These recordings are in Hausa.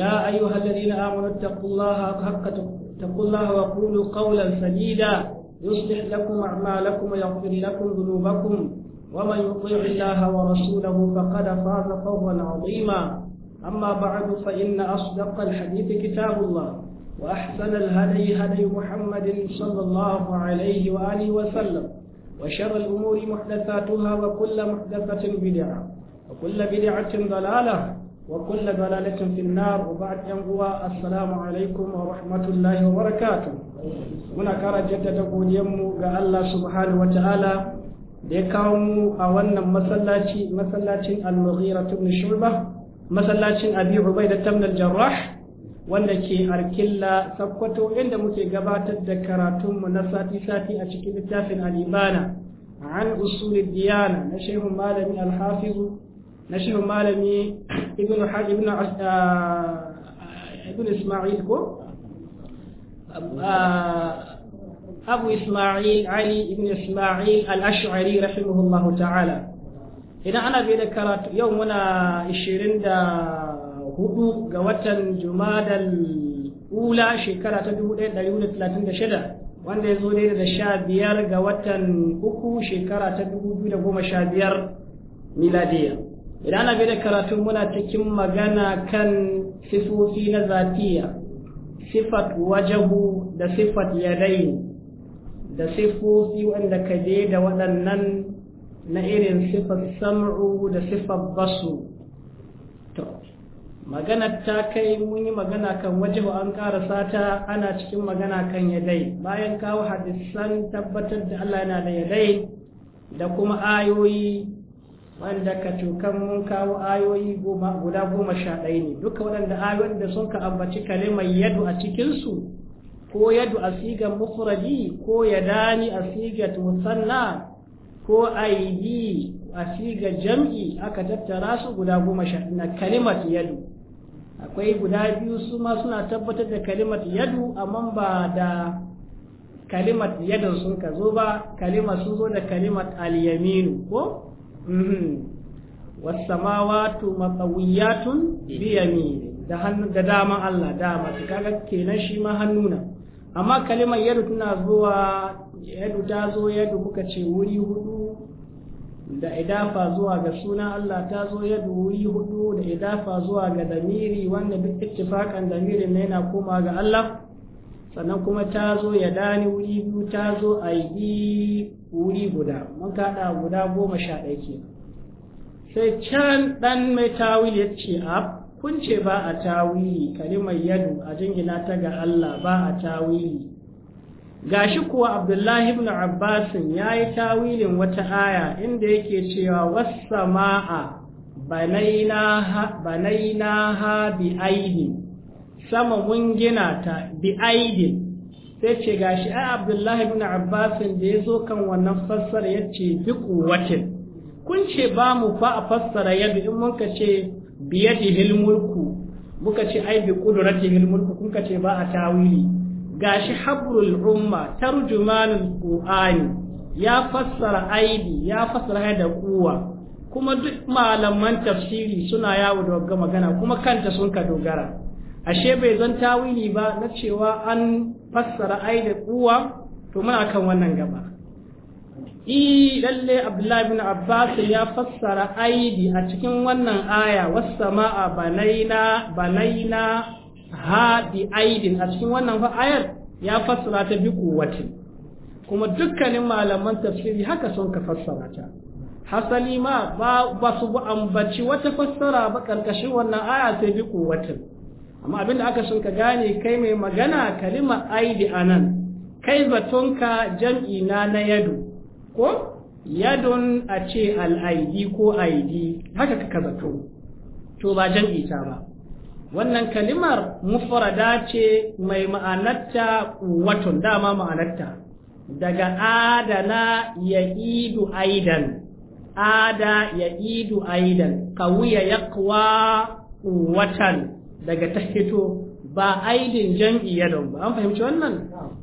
يا أيها الذين آمنوا اتقوا الله حق اتقوا الله وقولوا قولا سديدا يصلح لكم أعمالكم ويغفر لكم ذنوبكم ومن يطيع الله ورسوله فقد فاز فوزا عظيما أما بعد فإن أصدق الحديث كتاب الله وأحسن الهدي هدي محمد صلى الله عليه وآله وسلم وشر الأمور محدثاتها وكل محدثة بدعة وكل بدعة ضلالة وكل ضلالة في النار وبعد ينقوى السلام عليكم ورحمة الله وبركاته muna kara jaddada godiyanmu ga Allah subhanahu wa ta'ala da ya kawo mu a wannan masallaci masallacin al-mughira ibn shu'ba masallacin abi ubaida ibn al-jarrah wanda ke arkilla sakkwato inda muke gabatar da karatunmu na sati-sati a cikin littafin al'imana. ibana an usulid diyana na shehu malami al نشر مالمي ابن حاج ابن آه، آه، ابن اسماعيل كو آه، ابو اسماعيل علي ابن اسماعيل الاشعري رحمه الله تعالى هنا انا في ذكرت يومنا 20 دا هدو غوتن جماد الاولى شكرا تدو دا يوم 36 wanda ya zo ne da sha biyar ga watan uku shekara ta dubu biyu idan ana bi da karatu muna cikin magana kan sifofi na zatiya sifat wajahu da sifat yadayin da sifofi wanda ka da waɗannan na irin sifat sam'u da sifat basu to magana ta kai mun yi magana kan wajahu an ƙara sata ana cikin magana kan yadai bayan kawo hadisan tabbatar da Allah yana da yadai da kuma ayoyi wanda ka cokan mun kawo ayoyi guda goma sha ɗaya ne duka waɗanda ayoyin da sun ka ambaci kalimar yadu a cikinsu ko yadu a sigar mufradi ko ya yadani a sigar musanna ko aidi a sigar jam'i aka tattara su guda goma sha na kalimar yadu akwai guda biyu su ma suna tabbatar da kalimar yadu amma ba da kalimar yadun sun ka zo ba kalimar sun zo da kalimar Aliyaminu ko Mhm. wasamawatu matsawiyatun biyamini da hannu da dama Allah dama ta kaga kenan shi ma hannuna amma kalimar yadu tana zuwa yadu ta zo yadu muka ce wuri hudu da idafa zuwa ga suna Allah ta zo yadu wuri hudu da idafa zuwa ga damiri wanda duk ittifaqan damirin ne yana koma ga Allah sannan kuma ta zo ya dani wuri biyu ta zo a yi wuri guda mun kaɗa guda goma sha ɗaya ke sai can ɗan mai tawil ya ce a kun ce ba a tawili kalimar yadu a jingina ta ga Allah ba a tawili shi kuwa abdullahi ibn abbasin ya yi tawilin wata aya inda yake cewa wasu ma'a banaina ha bi ainihi sama mun gina ta bi aidi sai ce gashi ai abdullahi ibn abbas da ya zo kan wannan fassara ya ce bi kuwatin kun ce ba mu fa a fassara yadda in mun ka ce biyadihil hilmulku. muka ce ai bi qudratihil hilmulku." kun ce ba a tawili gashi habrul umma tarjumanul qur'ani ya fassara aidi ya fassara da kuwa kuma duk malaman tafsiri suna yawo da magana kuma kanta sun ka dogara ashe bai zan tawili ba na cewa an fassara ai da kuwa to muna kan wannan gaba i lalle abdullahi bin abbas ya fassara aidi a cikin wannan aya wasama'a banaina banaina ha bi aidin a cikin wannan ayar ya fassara ta bi kuwatin kuma dukkanin malaman tafsiri haka sun ka fassara ta hasali ma ba su ambaci wata fassara ba karkashin wannan aya sai bi kuwatin amma abin da aka sun ka gane kai mai magana kalima aidi anan kai batunka jam'i na na yadu ko yadun a ce al'aidi ko aidi haka ka zato to ba jam'i ta ba wannan kalimar mufrada ce mai ma'anarta watan dama ma'anarta daga adana ya idu aidan ada ya idu aidan kawuya ya watan daga ta hito ba aidin jam'i yadon ba an fahimci wannan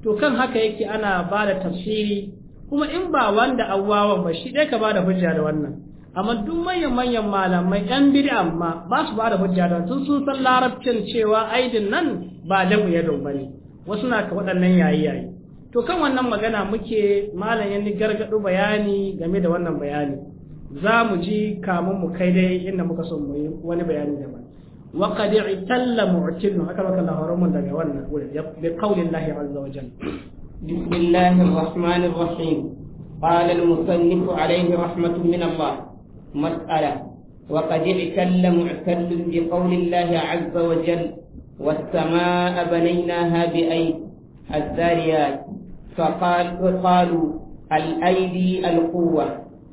to kan haka yake ana ba da tafsiri kuma in ba wanda awwawan ba shi dai ka ba da hujja da wannan amma duk manyan manyan malamai yan biri amma ba su ba da hujja da sun sun san larabcin cewa aidin nan ba jamu yadon ba ne wasu na ka waɗannan yayi yayi to kan wannan magana muke malam yanni gargaɗo bayani game da wannan bayani za mu ji kamun mu kai dai inda muka son mu yi wani bayani da ba وقد اعتل معتل هكذا الله هرم daga wannan wurin bi qaulin بسم الله الرحمن الرحيم قال المصنف عليه رحمة من الله مسألة وقد اعتل معتل بقول الله عز وجل والسماء بنيناها بأيد الزاريات فقال فقالوا الأيدي القوة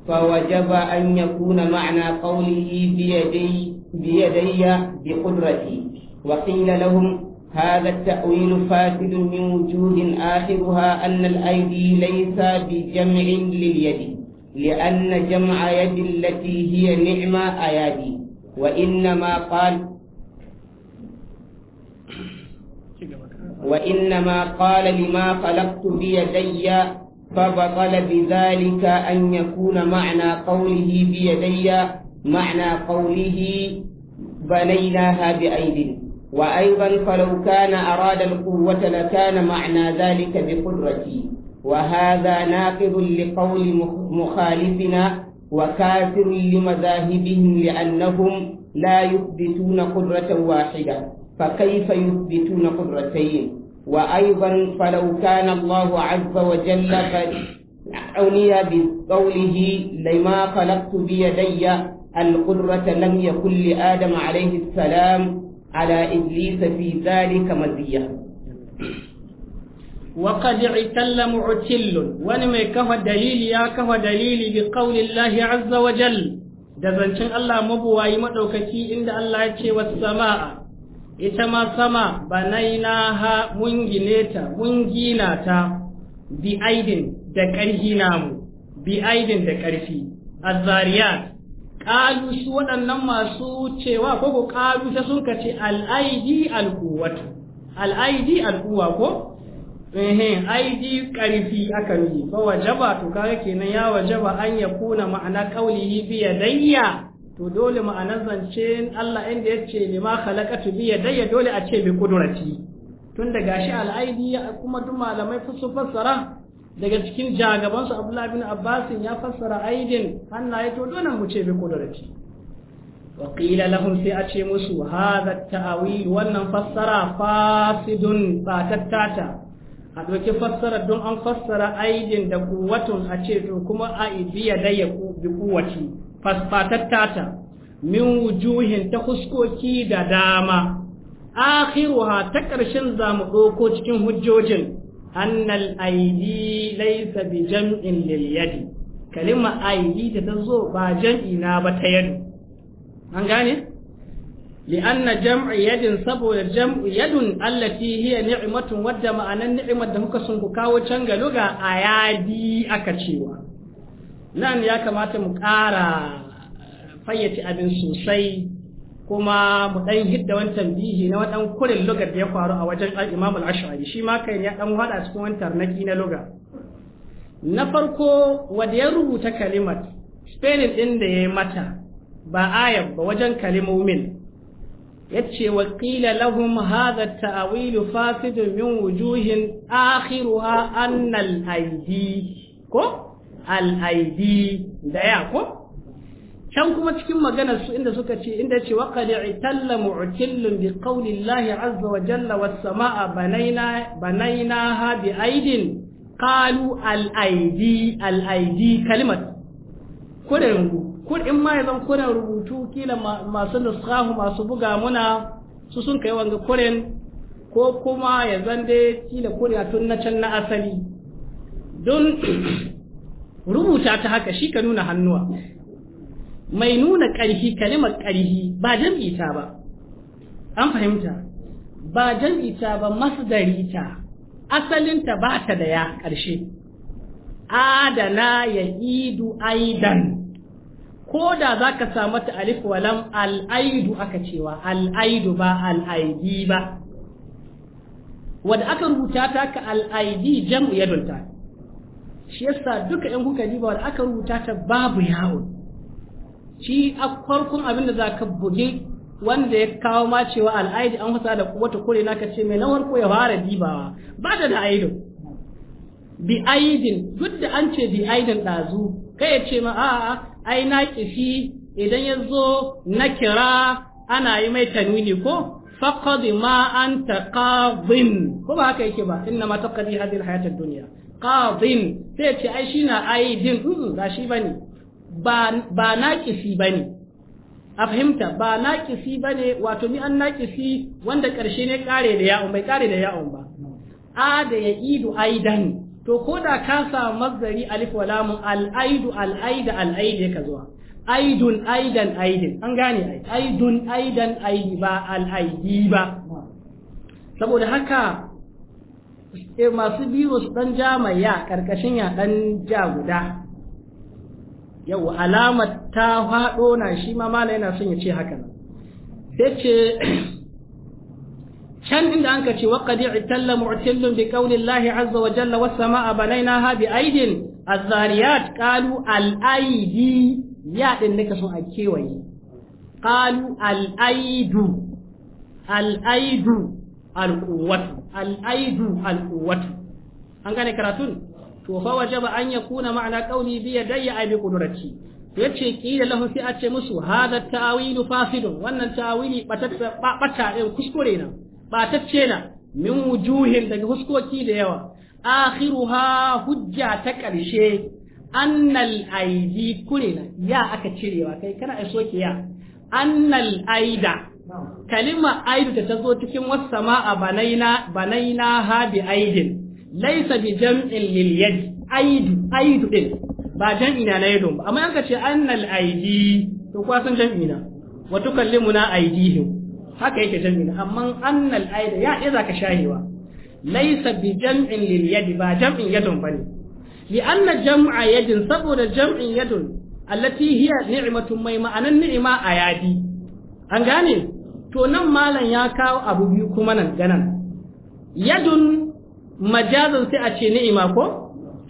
فوجب أن يكون معنى قوله بيدي بيدي بقدرتي وقيل لهم هذا التأويل فاسد من وجوه آخرها أن الأيدي ليس بجمع لليد لأن جمع يد التي هي نعمة أيادي وإنما قال وإنما قال لما خلقت بيدي فبطل بذلك أن يكون معنى قوله بيدي معنى قوله بنيناها بأيد وأيضا فلو كان أراد القوة لكان معنى ذلك بقدرتي وهذا ناقض لقول مخالفنا وكافر لمذاهبهم لأنهم لا يثبتون قدرة واحدة فكيف يثبتون قدرتين وأيضا فلو كان الله عز وجل قد عني بقوله لما خلقت بيدي القدرة لم يكن لآدم عليه السلام على إبليس في ذلك مزية وقد اعتل معتل ونمي كفى دليل يا كفى دليل بقول الله عز وجل دزنشن الله مبواي مدوكتي عند الله يتي والسماء ita ma sama banainaha mun gine ta mun gina ta bi aidin da ƙarfi namu bi aidin da ƙarfi azzariyat kalu su waɗannan masu cewa ko ko kalu ta sun kace al'aidi al'uwatu al'aidi al'uwa ko ehe aidi karfi aka yi wa wajaba to kaga kenan ya wajaba an ya kuna ma'ana qaulihi bi yadayya to dole ma'anar zance Allah inda yace ma khalaqatu biya yadayya dole a ce bi kudurati. tun da gashi al'aidi kuma duk malamai sun fassara daga cikin jagabansu abdullahi bin abbasin ya fassara aidin hannaye to dole mu ce bi kudarati wa qila lahum sai a ce musu hadha ta'awil wannan fassara fasidun tattata a doki fassara don an fassara aidin da kuwatun a ce to kuma a ibiya da ya bi kuwaci fasfatattata min wujuhin ta huskoki da dama akhiruha ta karshen zamu doko cikin hujjojin أن الأيدي ليس بجمع لليد كلمة أيدي تتزو بجمع نابة يد أنغاني لأن جمع يد سبو جمع يد التي هي نعمة ودم أن النعمة دمك سنبكا وشنغ لغا أيادي أكتشيوا نعم ya kamata تمكارا فيتي أبن abin kuma mu dan hidda wancan bihi na wadan kurin lugar da ya faru a wajen al-Imam al-Ash'ari shi ma kai ya dan hada cikin wannan tarnaki na lugar na farko wanda ya rubuta kalimar spelling din da ya mata ba ayab ba wajen kalimomin yace wa qila lahum hadha at-ta'wil fasid min wujuhin akhiruha anna al-aidi ko al-aidi da ya ko can kuma cikin maganar su inda suka ce inda ce waqad italla mu'tillun bi qawli llahi azza wa jalla was samaa banayna ha bi aidin qalu al aidi al aidi kalimat rubutu ko in ma yanzu rubutu kila masu nuskahu masu buga muna su sun kai wanga koren ko kuma ya dai kila kurin tun na can na asali don rubuta ta haka shi ka nuna hannuwa mai nuna ƙarfi kalimar ƙarfi ba jam'i ta ba an fahimta ba jam'i ta ba masdari ta asalinta ba ta da ya ƙarshe adana ya idu aidan ko da za ka samu ta alif walam al'aidu aka cewa al'aidu ba al'aidi ba wadda aka rubuta ta ka al'aidi jam'u yadulta shi yasa duka yan kuka ba wadda aka rubuta ta babu yawon shi a farkon abin da za ka buge wanda ya kawo ma cewa al'aidi an fasa da wata kore na ka ce mai na farko ya fara dibawa ba da da aidin bi aidin duk da an ce bi aidin ɗazu kai ya ce ma a'a ai na kifi idan ya zo na kira ana yi mai tanwini ko faqad ma anta qadin ko ba haka yake ba inna ma taqdi hadhihi alhayat ad-dunya qadin sai ce ai shi na aidin za shi bane ba naƙisi ba ne a fahimta ba naƙisi ba ne wato ni an naƙisi wanda ƙarshe ne ƙare da ya'un bai ƙare da ya'un ba a da ya idu aidan to ko da ka samu mazari alif wa lamun al'aidu al'aida al'aida ka zuwa aidun aidan aidin an gane aidun aidan aidi ba al'aidi ba saboda haka eh, masu biyu su dan jama ya karkashin ya dan ja guda yau alamar ta faɗo na shi ma mala yana son ya ce haka nan sai ce can inda an ka ce wa qadi italla mu'tillun bi qawli Allah azza wa jalla was samaa banaynaha bi aidin A zariyat qalu al-aidi ya din nika son a kewaye qalu al-aidu al-aidu al-quwwatu al al-quwwatu an gane karatun to fa wajaba an yakuna ma'ana qawli bi yadayya ay bi qudrati yace kila lahu sai a ce musu hadha ta'wilu fasidun wannan ta'wili batatta bata ɗin kuskure na batacce na min wujuhin daga huskoki da yawa akhiruha hujja ta ƙarshe annal aidi kurina ya aka cirewa kai kana a soke ya annal aida kalima aidu ta tazo cikin wasu sama'a banaina banaina ha bi aidin laisa bi jam'in lil yadi aidu aidu din ba jam'i na na yadun ba amma an kace ce annal aidi to kwa san jam'i na wa tukallimuna aidihim haka yake jam'i na amma annal aidi ya iza ka shahiwa laisa bi jam'in lil yadi ba jam'in yadun bane li anna jam'a yadin saboda jam'in yadun allati hiya ni'matun mai ma'anan ni'ima a yadi an gane to nan malam ya kawo abu biyu kuma nan ganan yadun majazan sai a ce ni'ima ko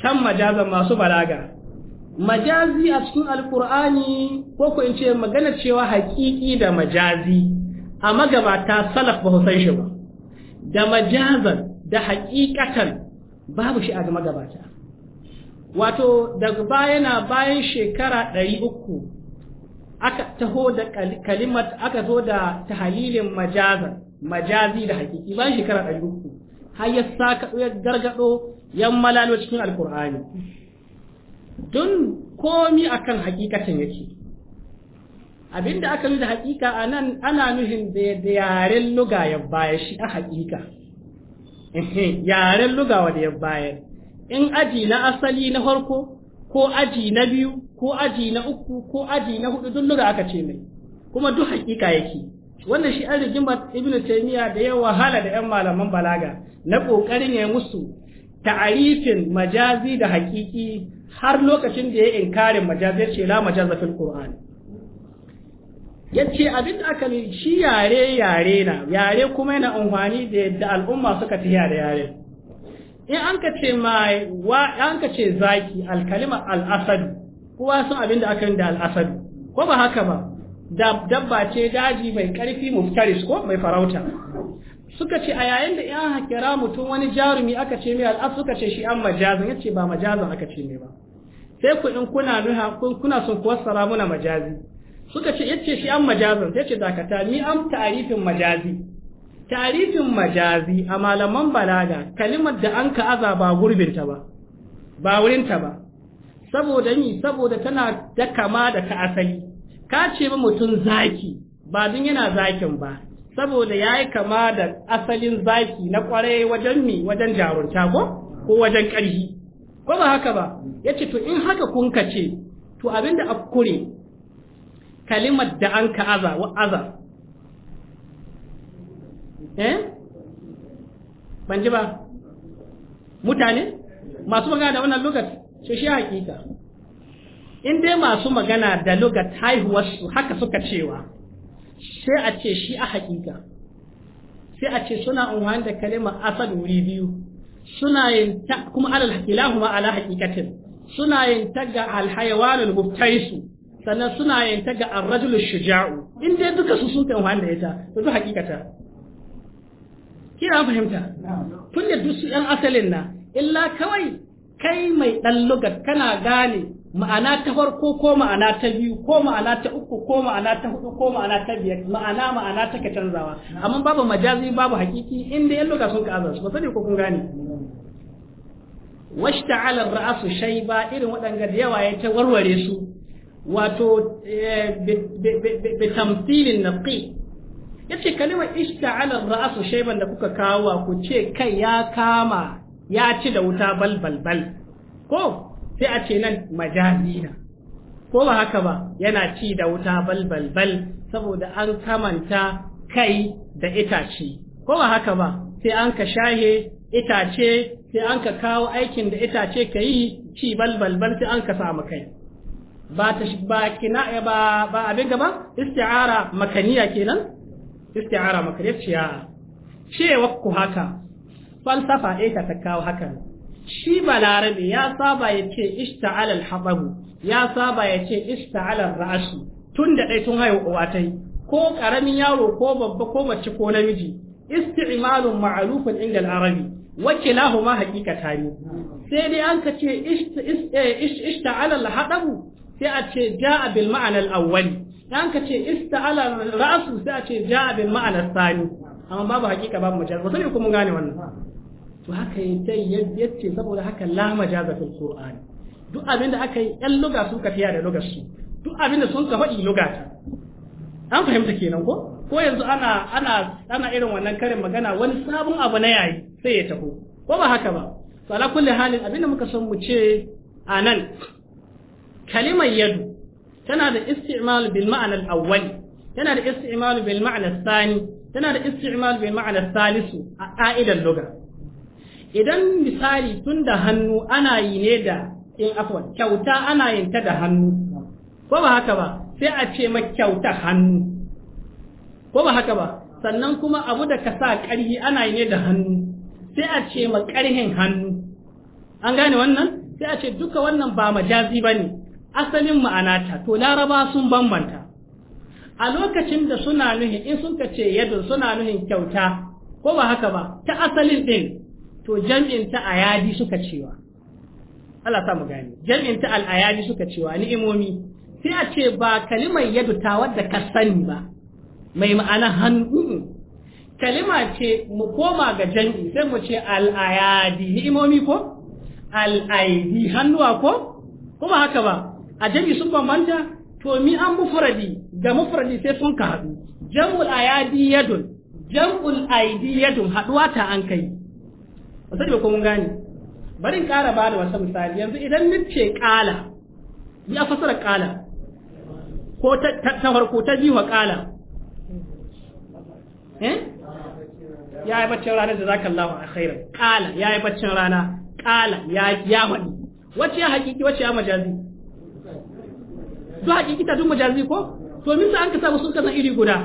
can majazan masu balaga majazi a cikin alkur'ani ko ku in ce magana cewa haƙiƙi da majazi a magabata salaf ba san shi ba da majazan da haƙiƙatan babu shi a magabata wato daga bayana bayan shekara ɗari uku aka taho da kalimat aka zo da tahalilin majazan majazi da haƙiƙi bayan shekara ɗari uku har ya saka ya gargado yan malalo cikin alkur'ani don komi akan hakikatan yake abinda aka yi da hakika a nan ana nuhin da yaren luga ya baya shi a hakika yaren luga wanda ya bayar in aji na asali na farko ko aji na biyu ko aji na uku ko aji na hudu duk luga aka ce mai kuma duk hakika yake wannan shi an rigimar ibn taymiya da ya wahala da yan malaman balaga na kokarin ya musu ta'arifin majazi da haƙiƙi har lokacin da ya inkarin majazi ce la majaza fil qur'an yace abin da aka ne shi yare yare na yare kuma yana amfani da yadda al'umma suka tafiya da yare in an ka ce mai wa an ka ce zaki al kalima al asad kowa san abin da aka yi da al asad ko ba haka ba dabba ce daji mai karfi muftaris ko mai farauta suka ce a yayin da ya hakira mutum wani jarumi aka ce mai al'af suka ce shi an majazin ya ce ba majazin aka ce mai ba sai ku in kuna nuna kuna son ku wassara muna majazi suka ce yace shi an majazin sai ce dakata ni am ta'rifin majazi ta'arifin majazi a malaman balaga kalimar da an ka'aza ba gurbinta ba ba wurinta ba saboda ni saboda tana da kama da ta asali ka ce ma mutum zaki ba don yana zakin ba saboda ya yi kama da asalin zaki na kwarai wajen mi wajen jarunta ko ko wajen ƙarfi ko ba haka ba ya ce to in haka kun ka ce to abinda a kure kalimar da an ka aza wa aza eh ban ji ba mutane masu magana da wannan lokaci shi shi hakika in dai masu magana da lugat haihuwarsu haka suka cewa sai a ce shi a hakika sai a ce suna unwani da kalimar asad wuri biyu suna yin ta kuma alal ilahu ma ala hakikatin suna yin ta ga alhayawanul muftaisu sannan suna yin ta ga arrajulul shuja'u in dai duka su sun kan wani da ita to duk hakikata kina fahimta tun da duk su yan asalin na illa kawai kai mai ɗan lugat kana gane ma'ana ta farko ko ma'ana ta biyu ko ma'ana ta uku ko ma'ana ta hudu ko ma'ana ta biyar ma'ana ma'ana ta ka canzawa amma babu majazi babu hakiki inda yan luga sun ka azansu ba sani ko kun gane washta'ala ra'su shayba irin waɗanga da yawa ya ta warware su wato eh, bi tamthilin naqi yace kalima ishta'ala ra'su shayban da kuka kawo ku ce kai ya kama ya ci da wuta bal bal bal ko sai a ce nan majalina ko ba haka ba yana ci da wuta balbalbal saboda an kamanta kai da itace ko ba haka ba sai an ka shahe itace sai an ka kawo aikin da itace ka yi ci balbalbal sai an ka samu kai ba ta ba kina ba ba abin gaba isti'ara makaniya kenan isti'ara makaniya ciya cewa ku haka falsafa ita ta kawo hakan shi balarabe ya saba ya ce ishta'ala al-hababu ya saba ya ce ishta'ala ra'asu tun da ɗai tun haihu uwa tai ko ƙaramin yaro ko babba ko mace ko namiji isti'malun ma'rufun inda al-arabi ma hakikata ne sai dai an ka ce ishta'ala al-hababu sai a ce ja'a bil ma'ana al-awwali dan ka ce ista'ala ra'su sai a ce ja'a bil ma'ana al-thani amma babu haqiqa babu ba sai ku mun gane wannan to haka yace saboda haka la majazatul qur'ani duk abin da aka yi ɗan luga sun ka fiya da lugar su duk abin da sun ka faɗi luga ta an fahimta kenan ko ko yanzu ana ana ana irin wannan karin magana wani sabon abu na yayi sai ya taho ko ba haka ba to ala kulli halin abin da muka san mu ce a nan kalimar yadu tana da isti'mal bil ma'ana al-awwal tana da isti'mal bil ma'ana al-thani tana da isti'mal bil ma'ana al-thalith a qa'idan lugha idan misali tun da hannu ana yi ne da in afwan kyauta ana yin ta da hannu ko ba haka ba sai a ce ma kyauta hannu ko ba haka ba sannan kuma abu da ka sa ƙarhi ana yi ne da hannu sai a ce ma ƙarhin hannu an gane wannan sai a ce duka wannan ba majazi ba ne asalin ma'ana ta to laraba sun bambanta a lokacin da suna nuhin in sun ce yadda suna nuhin kyauta ko ba haka ba ta asalin ɗin to jam'in ta ayadi suka cewa Allah sa mu gane jam'in ta al-ayadi suka cewa ni'imomi sai a ce ba kalimar yadu ta wadda ka sani ba mai ma'ana hannu kalima ce mu koma ga jam'i sai mu ce al-ayadi ni'imomi ko al-aidi hannuwa ko kuma haka ba a jam'i sun bambanta to mi an mufradi ga mufradi sai sun ka haɗu jam'ul ayadi yadun jam'ul aidi yadun haɗuwa ta an kai ba sani ba ko mun gane bari in ƙara ba da wasu misali yanzu idan ni ce ƙala a fasara ƙala ko ta farko ta biyu wa ƙala eh? ya yi baccin rana da zaka Allah a khaira ƙala ya yi baccin rana ƙala ya faɗi wacce ya haƙiƙi wacce ya majazi su haƙiƙi ta tun majazi ko to min da an ka sa sun kasan iri guda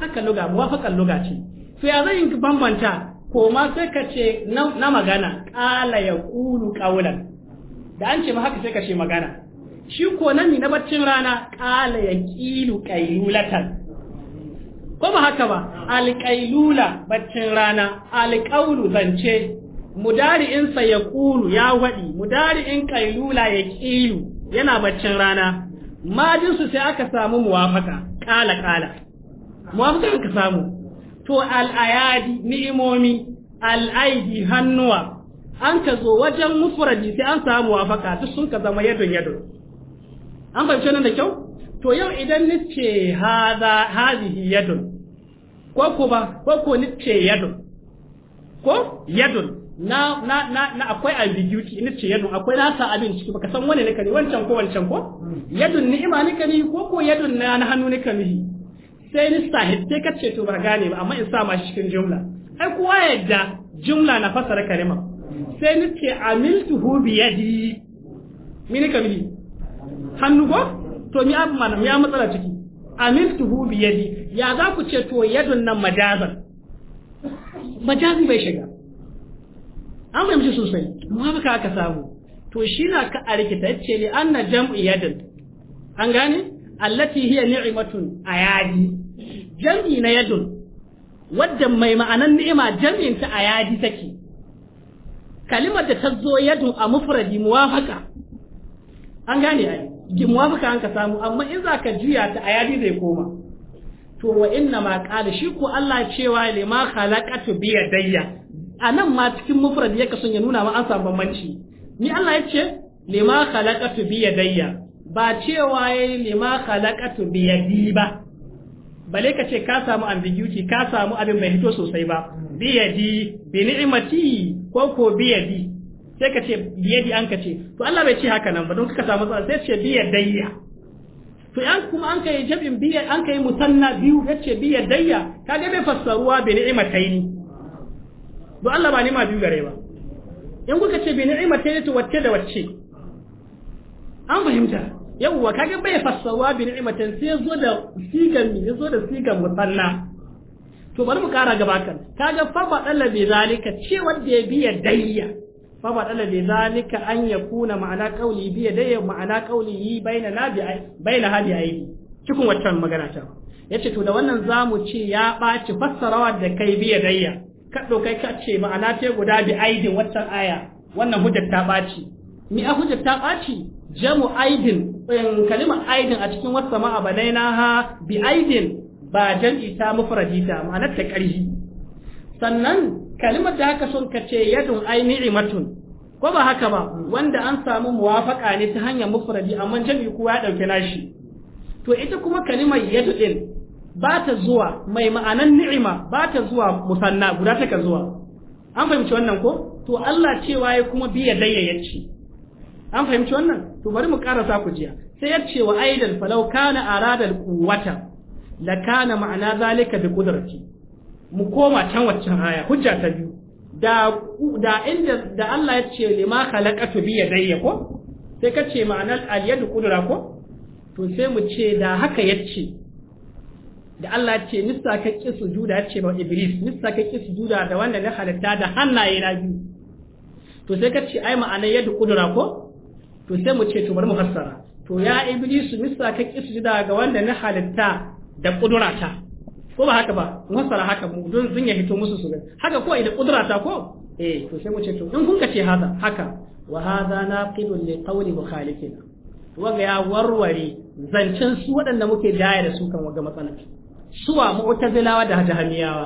haka luga muwafaqan luga ce Su ya zan bambanta ko ma sai ka ce na magana ƙala ya ƙulu ƙaunar da an ce ma haka sai ka ce magana shi ko nan ni na baccin rana ƙala ya ƙilu ƙailulatar. ko ba haka ba alƙailula baccin rana alƙaulu zance mudari'insa ya ƙulu ya waɗi mudari'in ƙailula ya ƙilu yana baccin rana majinsu sai aka samu muwafaka ƙala ƙala muwafaka ka samu to al'ayadi ni'imomi al'aidi hannuwa an ka zo wajen mufradi sai an samu wafaka duk sun ka zama yadon yadon an fahimci nan da kyau to yau idan nice haza hazihi yadon ko ko ba ko ko nice yadon ko yadon na na na, na akwai ambiguity ce yadon akwai nasa abin ciki baka san wani ne kani wancan ko wancan ko hmm. yadon ni'ima ne kani ko ko yadon na hannu ne kani sai ni sai ka ce to ba gane ba amma in sa ma shi cikin jumla ai kowa yadda jumla na fasara kalima sai ni ce hu bi yadi mini kamili hannu ko to mi abu mana mi a matsala ciki hu bi yadi ya za ku ce to yadun nan majazan majazi bai shiga an fahimci sosai mu haka aka samu to shi na ka a rikita ce ne an na jam'i yadin an gane allati hiya ni'matun ayadi jam'i na yadun wadda mai ma'anan ni'ima jami'in ta a yadi take kalimar da ta zo yadun a mufradi muwafaka an gane ai ki muwafaka an ka samu amma in za ka juya ta a yadi zai koma to wa inna ma qala shi ko Allah cewa lima khalaqatu bi yadayya anan ma cikin mufradi yake son ya nuna ma an samu bambanci ni Allah ya ce lima khalaqatu bi yadayya ba cewa yayi lima khalaqatu bi yadi ba bale ka ce ka samu ambiguity ka samu abin mai hito sosai ba biyadi bi ni'mati ko ko biyadi sai ka ce biyadi an ka ce to Allah bai ce haka nan ba don ka samu sai ce dayya. to yan kuma an kai jabin biyad an kai musanna biyu yace ka kaga bai fassaruwa bi ni'mataini to Allah ba ma biyu gare ba in kuka ce bi ni'mataini to wacce da wacce an fahimta yawwa kaga bai fasawa bi ni'matan sai zo da sigan mi zo da sigan musalla to bari mu kara gaba kan kaga fa ba dalla bi zalika ce wanda ya biya dayya fa ba dalla bi zalika an yakuna ma'ana qauli bi dayya ma'ana qauli yi baina nabi baina hadi aidi cikin waccan magana ta yace to da wannan zamu ce ya baci fassarawa da kai biya dayya ka kai ka ce ma'ana ce guda bi aidin waccan aya wannan hujjar ta baci mi a hujjar ta baci jamu aidin eh, kalima aidin a cikin wasu sama'a na ha bi aidin ba jam'i ta mufradi ta ma'anar ta ƙarfi sannan kalimar da haka son kace yadun ai ni'imatun ko ba haka ba wanda an samu muwafaka ne ta hanyar mufradi amma jam'i kowa ya dauke nashi to ita kuma kalimar yadu ɗin ba ta zuwa mai ma'anan ni'ima ba ta zuwa musanna guda ka zuwa an fahimci wannan ko to Allah cewa ya kuma biya ya yace an fahimci wannan to bari mu karasa ku jiya sai ya ce wa aidan falau kana arada quwwata la kana ma'ana zalika bi qudrati mu koma can waccan aya hujja ta biyu da da inda da Allah ya ce lima khalaqatu bi yadayya ko sai ka ce ma'anar al qudra ko to sai mu ce da haka yace da Allah ya ce nista ka ki sujuda ya ce ba iblis nista ka ki sujuda da wanda na halitta da hannaye na biyu to sai ka ce ai ma'anar yadu qudra ko to sai mu ce to bari mu fassara to ya iblisu misa ka kisjida ga wanda na halitta da kudurata ko ba haka ba mu fassara haka mu don sun ya hito musu su haka ko idan kudurata ko eh to sai mu ce to in kun ka ce haka haka wa hadha naqidun li qawli mukhalifina ga ya warware zancen su waɗanda muke daya da su kan waga matsalar suwa mu'tazilawa da jahamiyawa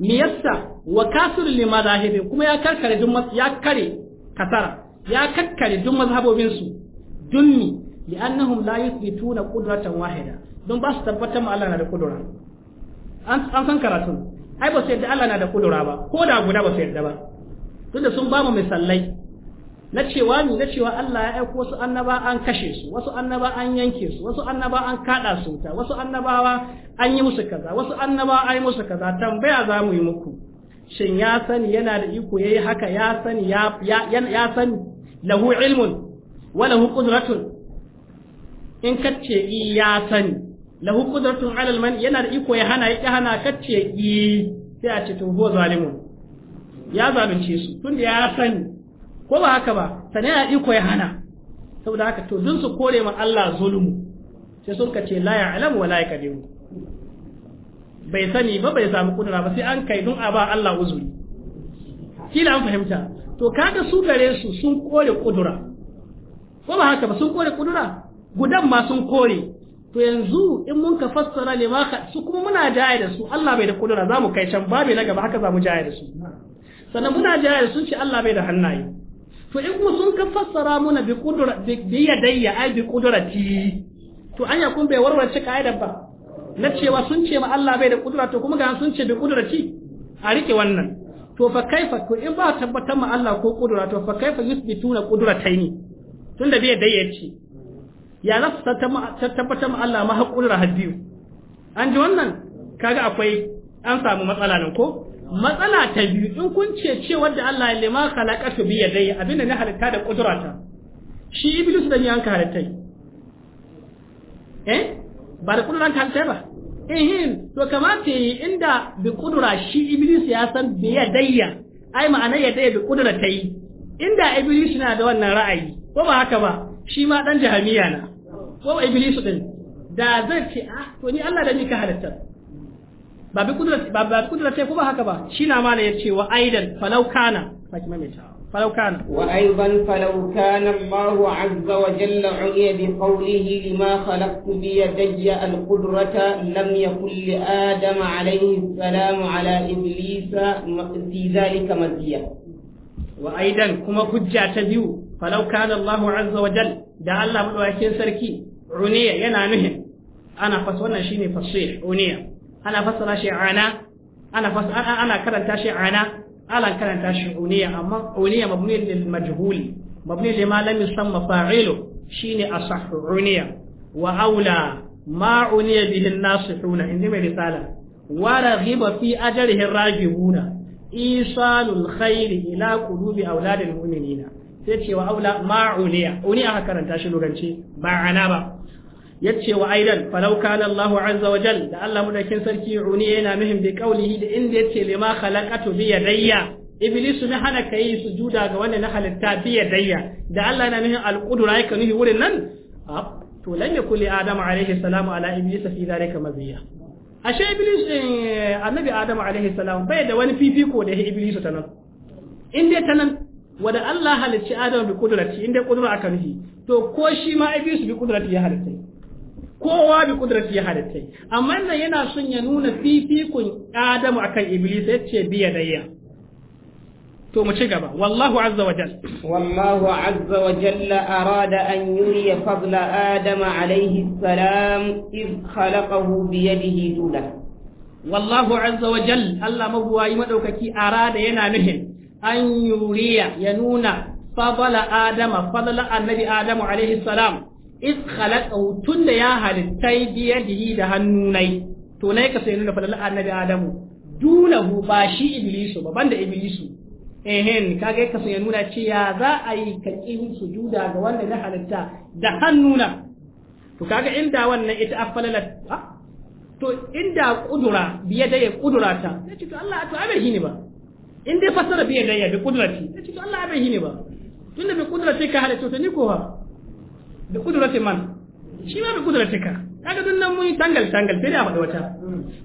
me yasa wa kasir li madahibi kuma ya karkare duk ya kare kasara ya kakkare duk mazhabobin su dunni li'annahum la yuthbituna qudratan wahida don ba su tabbatar ma Allah na da kudura an san karatu ai ba su yadda Allah na da kudura ba ko da guda ba su yadda ba tunda sun ba mu misallai na cewa ni na cewa Allah ya aiko wasu annaba an kashe su wasu annaba an yanke su wasu annaba an kada su ta wasu annabawa an yi musu kaza wasu annaba an yi musu kaza tambaya za mu yi muku shin ya sani yana da iko yayi haka ya sani ya ya sani lahu ilmun wa lahu qudratun in kace i ya sani lahu qudratun ala alman yana da iko ya hana ya hana kace sai a ce to huwa zalimun ya zalunce su tunda ya sani ko ba haka ba sani yana da iko ya saboda haka to dun su kore ma Allah zulmu sai sun kace la ya'lamu wa la yaqdiru bai sani ba bai samu kudura ba sai an kai dun a ba Allah uzuri kila an fahimta to kaga su gare su sun kore kudura ko ba haka ba sun kore kudura gudan ma sun kore to yanzu in mun ka fassara ne ma su kuma muna jaya da su Allah bai da kudura za mu kai can babu na gaba haka za mu jaya da su sannan muna jaya da su ce Allah bai da hannaye to in kuma sun ka fassara muna bi kudura bi yadayya ai bi kudurati to anya kun bai warware cika, ka'idar ba na cewa sun ce ma Allah bai da kudura to kuma ga sun ce bi kudurati a rike wannan to fa kaifa to in ba tabbatar ma Allah ko kudura to fa kaifa yusbituna qudrataini tunda bai da yace ya za su tabbatar ma Allah ma haƙurar haddiyu an ji wannan kaga akwai an samu matsala nan ko matsala ta biyu in kun ce ce wanda Allah ya lima khalaqatu bi yadayhi abinda na halitta da kudurata shi iblis da ni an halittai eh ba da kuduran halitta ba ihin to kamata yi inda bi kudura shi iblis ya san bi yadayya ai ma'ana yadayya bi kudura ta yi inda iblis na da wannan ra'ayi ko ba haka ba shi ma dan jahamiya na ko iblis din da zai ce ah to ni Allah da ni ka halatta ba bi kudura ba bi kudura ta ko ba haka ba shi na ma ne wa aidan falau kana fa kuma mai tawa فلو كان وأيضا فلو كان الله عز وجل عي بقوله لما خلقت بيدي القدرة لم يكن لآدم عليه السلام على إبليس في ذلك مزية وأيضا كما حجة تبيو فلو كان الله عز وجل دعا الله مدوكين سركي عنية ينانهم أنا فسرنا شيني فصيح عنية أنا فسر شيء عنا أنا فسر أنا كرنت شيء عنا ala karanta shi uniya amma uniya mabni lil majhuli mabni lima lam yusamma fa'ilu shine asahhu uniya wa aula ma uniya bihi nasihuna inda mai risala wa raghiba fi ajrihi ragibuna isalul khairi ila qulubi auladil mu'minina sai cewa aula ma uniya uniya aka karanta shi lokaci ba ana ba yace wa aidan falau kana Allah azza wa jal da Allah madakin sarki uni yana muhim bi qawlihi da inda yace lima khalaqatu bi yadayya iblis hana kai sujuda ga wanda na halitta bi yadayya da Allah yana muhim alqudra yake nuhi wurin nan to lan yakul li adam alaihi salam ala iblis fi dhalika maziya ashe iblis eh, annabi adam alaihi salam bai da wani fifiko da iblis ta nan inda ta nan wada Allah halicci Adam bi kudrati inda kudura aka nufi to ko shi ma Iblis bi kudrati ya halitta kowa bi kudrati ya halitta amma nan yana son ya nuna fifikun adamu akan iblis yace biya dayya to mu ci gaba wallahu azza wa jalla wallahu azza wa jalla arada an yuriya fadla adama alayhi salam iz khalaqahu bi yadihi dula wallahu azza wa jalla Allah mabuwayi madaukaki arada yana nuhin an yuriya ya nuna fadla adama fadla annabi adamu alayhi salam iz khalaqahu tunda ya halittai biyadihi da hannunai to ne ka sai nuna fadal annabi adamu dunahu ba shi iblisu ba banda iblisu ehen kaga ka sai nuna ce ya za a yi ka sujuda ga wanda na halitta da hannuna to kaga inda wannan ita afalalat to inda kudura biya da ya kudura ta ce to Allah to abai ne ba in dai fasara biya da ya bi kudurati ce to Allah abai ne ba tunda bi kudurati ka halitta to ni ko ha da kudratin man shi ma bi ka kaga dun nan mun tangal tangal sai da faɗi wata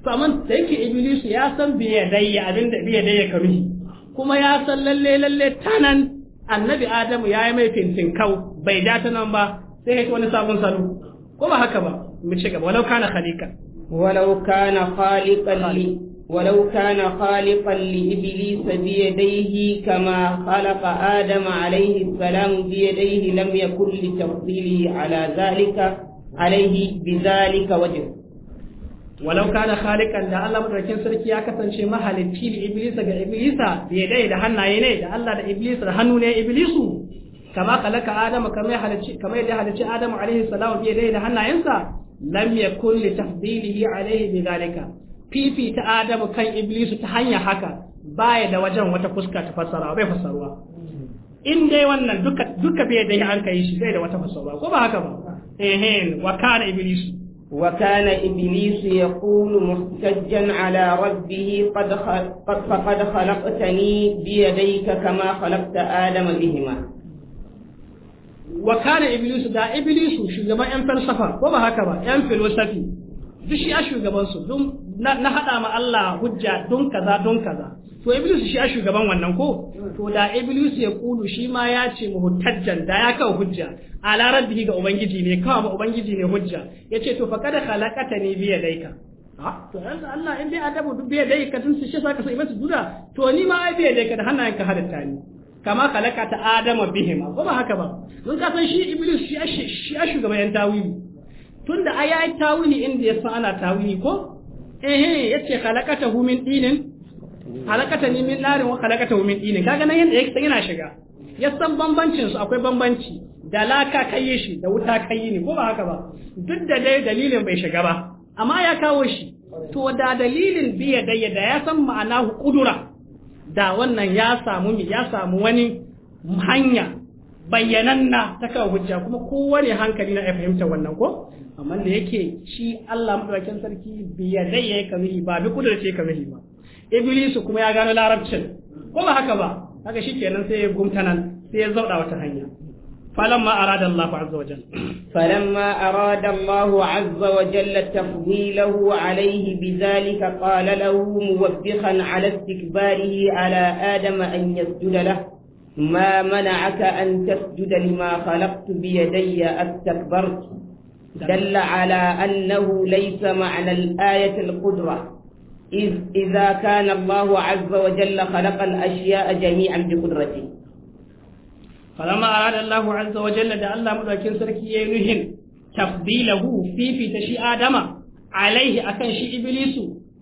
to amma da yake iblis ya san bi abin da bi ya karuhi kuma ya san lalle lalle tanan annabi adamu ya yi mai fintin kau bai da ta nan ba sai ya wani sabon salo ko ba haka ba mu ci gaba walau kana khaliqa walau kana khaliqan ولو كان خالقا لإبليس بيديه كما خلق آدم عليه السلام بيديه لم يكن لتفضيله على ذلك عليه بذلك وجه ولو كان خالقا da Allah madaukakin sarki ya kasance mahalicci da Iblisa ga Iblisa da dai da hannaye ne da Allah da Iblisa da hannu ne Iblisu kama kalaka Adam kamar halicci kamar da halicci Adam alaihi salam da da hannayensa lam yakun li tafdilihi fifita adamu kan iblisu ta hanyar haka baya da wajen wata fuska ta fassara bai fassarwa in dai wannan duka duka bai da an kai shi bai da wata fassara ko ba haka ba eh eh wa kana iblisu wa kana iblisu yaqulu mustajjan ala rabbih qad qad qad khalaqtani bi yadayka kama khalaqta adama bihima wa kana iblisu da iblisu shugaban yan falsafa ko ba haka ba yan filosofi duk shi a shugaban su duk na haɗa ma Allah hujja don kaza don kaza to iblis shi a shugaban wannan ko to da iblis ya kulu shi ma ya ce hujjan da ya kawo hujja a larabbihi ga ubangiji ne kawo ma ubangiji ne hujja yace to faqad khalaqatani bi yadayka to yanzu Allah in bai adabu bi yadayka dai ka tun su shi saka sai masu duda to ni ma ai bi yadayka ka da hannayen ka halitta ni kama khalaqata adama bihima ko ba haka ba don ka san shi iblis shi a shugaban yan tawili tunda ayi tawili inda ya san ana tawili ko eh yace khalaqatahu min dinin khalaqatani min narin wa khalaqatahu min dinin kaga nan yanda yake yana shiga ya san bambancin su akwai bambanci da laka kai shi da wuta kai ne ko ba haka ba duk da dai dalilin bai shiga ba amma ya kawo shi to da dalilin biya da da ya san ma'ana kudura da wannan ya samu ya samu wani hanya bayyananna ta kawo hujja kuma ne hankali na fahimta wannan ko amma da yake shi Allah madaukakin sarki biya dai yayi kamihi ba bi kudurce kamihi ba iblisu kuma ya gano larabcin kuma haka ba haka kenan sai ya gumta nan sai ya zauda wata hanya فلما أراد الله عز وجل فلما أراد الله عز وجل تفضيله عليه بذلك قال له موبخا على استكباره على آدم أن يسجد له ما منعك أن تسجد لما خلقت بيدي أستكبرت دل على أنه ليس معنى الآية القدرة إذ إذا كان الله عز وجل خلق الأشياء جميعا بقدرته فلما أراد الله عز وجل أن الله مدركين سركي ينهن تفضيله في في تشي آدم عليه أكن شي إبليس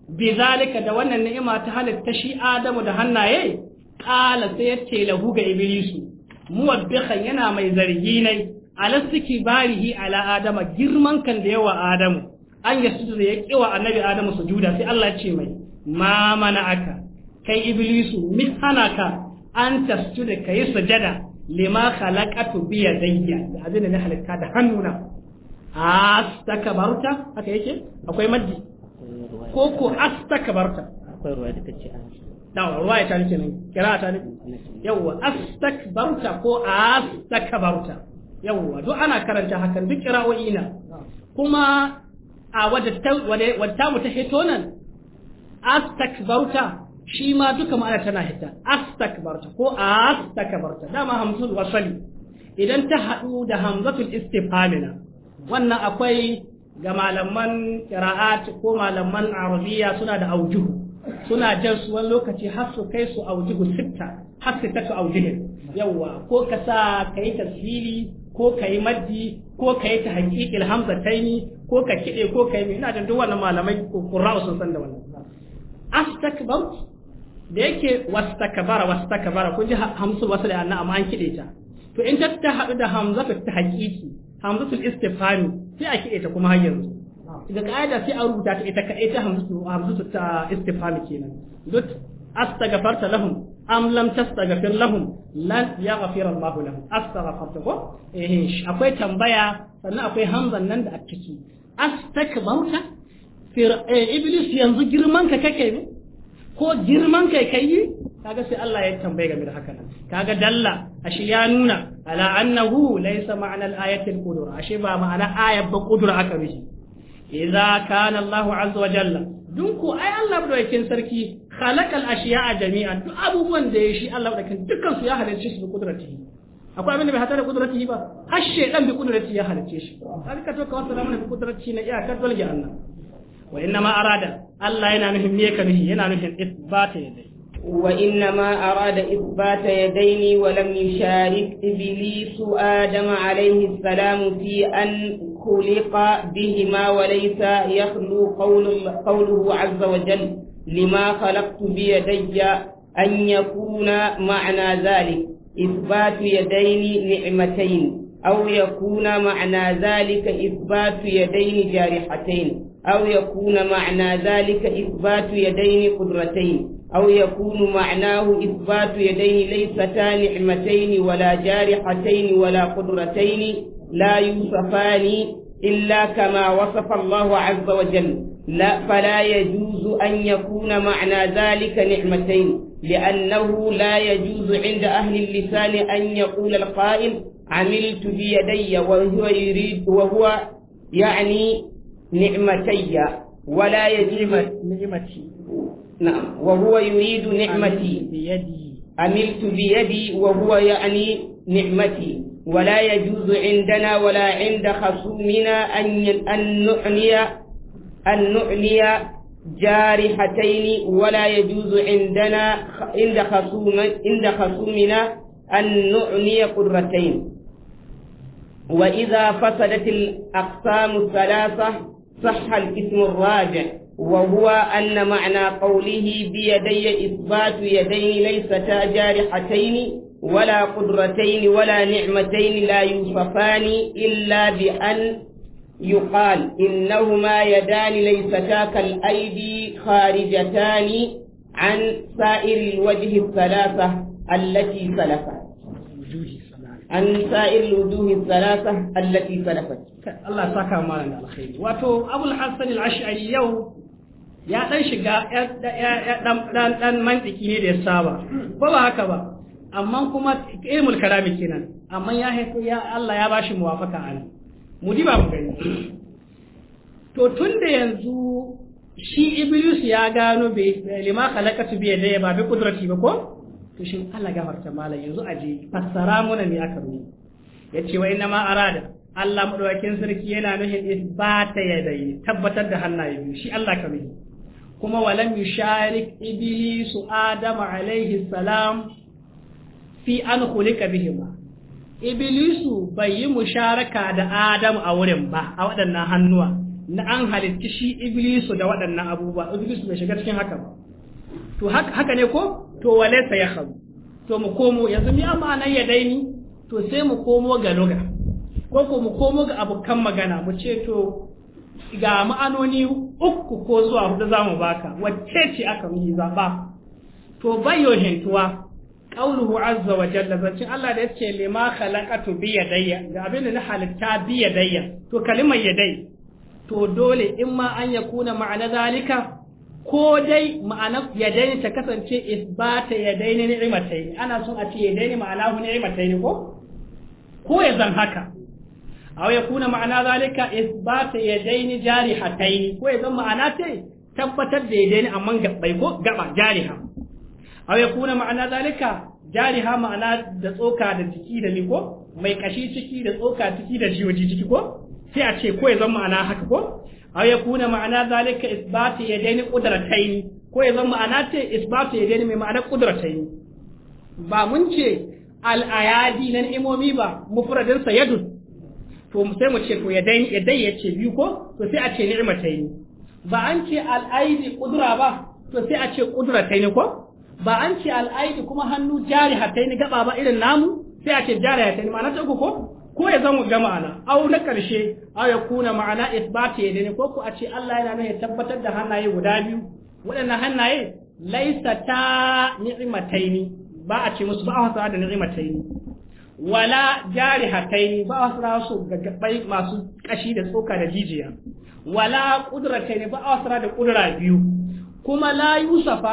بذلك دوانا النعمة تهل تشي آدم دهنا إيه قال سيتي له إبليس موبخا ينا ميزريني alastiki barihi ala adama girman kan da yawa adamu an ya su da ya kiwa annabi adamu su juda sai Allah ce mai ma mana aka kai iblisu min hanaka an tasjuda kai sujada lima khalaqatu bi yadayya da abin da na halitta da hannuna astakbarta haka yake akwai maddi ko ko astakbarta akwai ruwa da tace dawa ruwaya ta nake nan kira ta ne yawa astakbarta ko astakbarta yawwa duk ana karanta hakan duk kira'o'i na kuma a wadda ta mu ta hito nan astakbarta shi ma duka ma'ana tana hita astakbarta ko astakbarta dama hamzul wasali idan ta haɗu da hamzatul istifhamina wannan akwai ga malaman qira'at ko malaman arabiya suna da aujuhu suna jan su wani lokaci har su kai su aujuhu sitta har su aujuhu yawwa ko ka sa kai tasiri ko ka yi maddi ko ka yi ta haƙiƙil hamza taini ko ka kiɗe ko ka yi mai ina da wannan malamai ƙurra sun san da wannan astakbar da yake wastakbara wastakbara kun ji wasu da anna amma an kiɗe ta to in ta ta haɗu da hamza ta haƙiƙi hamzatul istifhami sai a kiɗe ta kuma har yanzu ga ƙa'ida sai a rubuta ta ita kaɗai ta hamza ta istifhami kenan duk astagfarta lahum am lam tastaghfir lahum lan yaghfir Allah lahum astaghfarta ko eh akwai tambaya sannan akwai hamzan nan da a ciki astakbarta fir eh, iblis yanzu girman ka kake ne ko girman kai kai yi kaga sai Allah ya tambaye game da haka nan kaga dalla ashe ya nuna ala annahu laysa ma'ana al-ayati al-qudra ashe ba ma'ana ayat ba qudra aka mishi idza kana Allah azza wa jalla dun ko ai Allah madaukakin sarki khalaqal ashiya'a jami'an duk abubuwan da ya shi Allah madaukakin dukkan su ya halarci su da kudratihi akwai abin da bai hata da kudratihi ba har shaydan bi kudratihi ya halarce shi har ka to ka wasa mana kudratihi na iyakar dalge Allah wa inna ma arada Allah yana nufin me ka nuhi yana nufin isbata yadai wa inna ma arada isbata yadaini wa lam yusharik iblis adama alayhi salam fi an خلق بهما وليس يخلو قول قوله عز وجل لما خلقت بيدي أن يكون معنى ذلك إثبات يدين نعمتين أو يكون معنى ذلك إثبات يدين جارحتين أو يكون معنى ذلك إثبات يدين قدرتين أو يكون معناه إثبات يدين ليستا نعمتين ولا جارحتين ولا قدرتين لا يوصفان إلا كما وصف الله عز وجل لا فلا يجوز أن يكون معنى ذلك نعمتين لأنه لا يجوز عند أهل اللسان أن يقول القائل عملت بيدي وهو يريد وهو يعني نعمتي ولا يجوز نعمتي نعم وهو يريد نعمتي بيدي عملت بيدي وهو يعني نعمتي ولا يجوز عندنا ولا عند خصومنا أن نعني أن نعني جارحتين ولا يجوز عندنا عند خصوم عند خصومنا أن نعني قرتين وإذا فسدت الأقسام الثلاثة صح الاسم الراجع وهو أن معنى قوله بيدي إثبات يدين ليستا جارحتين ولا قدرتين ولا نعمتين لا يوصفان إلا بأن يقال إنهما يدان ليستا كالأيدي خارجتان عن سائر الوجه الثلاثة التي سلفت an sa'ir wuduhi salasa allati salafat Allah ya saka mana da alkhairi wato Abul Hassan al-Ash'ari yau ya dan shiga ya dan dan mantiki ne da ya saba ba ba haka ba amma kuma ilmul kalami kenan amma ya haifu ya Allah ya bashi muwafaka a nan mu ji ba mu gani to tun da yanzu shi iblis ya gano bai lima khalaqatu bi yadayya ba bi qudrati ba ko to shin Allah farta malai yanzu aje fassara muna ne aka ruwa yace wa inna ma arada Allah madaukakin sarki yana nufin isbata yadayya tabbatar da hannaye biyu shi Allah ka kuma walam yusharik iblis adama alaihi salam fi an khuliqa bihima iblisu bai yi musharaka da adam a wurin ba a waɗannan hannuwa na an halitti shi iblisu da waɗannan abubuwa iblisu bai shiga cikin haka ba to haka ne ko to wale ya yakhlu to mu komo yanzu mi amma nan ya daini to sai mu komo ga loga ko ko mu komo ga abokan magana mu ce to ga ma'anoni uku ko zuwa hudu za mu baka wacce ce aka yi zaba to bayo hintuwa qawluhu azza wa jalla zancin Allah da yake lima khalaqatu bi yadayya ga abin da na halitta bi yadayya to kalimar yadai to dole in ma an yakuna ma'ana zalika ko dai ma'ana yadaini ta kasance isbata yadaini ni'matai ana son a ce yadaini ma'ana hu ni'matai ko ko ya zan haka aw yakuna ma'ana zalika isbata yadaini jarihataini ko ya zan ma'ana ce tabbatar da yadaini amman gabbai ko gaba jariha aw yakuna ma'ana zalika jariha ma'ana da tsoka da jiki da ni ko mai kashi ciki da tsoka ciki da jiyoji ciki ko sai a ce ko ya zama ma'ana haka ko ya kuna ma'ana zalika isbatu yadaini qudrataini ko ya zama ma'ana ce isbatu yadaini mai ma'ana qudrataini ba mun ce al-ayadi nan imomi ba mufradin sa yadu to sai mu ce to ya yadai ya ce biyu ko to sai a ce ni'mataini ba an ce al-aidi ba to sai a ce qudrataini ko ba an ce al'aidi kuma hannu jari hatta ni gaba ba irin namu sai ake ce jari hatta ni ma'ana ta uku ko ko ya zama ga ma'ana au na karshe a ya kuna ma'ana isbati ya dani ko ku a ce Allah yana nan ya tabbatar da hannaye guda biyu waɗannan hannaye laisa ta ni'imataini ba a ce musu ba a hasara da ni'imataini wala jari ni ba a hasara su ga gabai masu kashi da tsoka da jijiya wala kudrataini ba a hasara da kudura biyu kuma la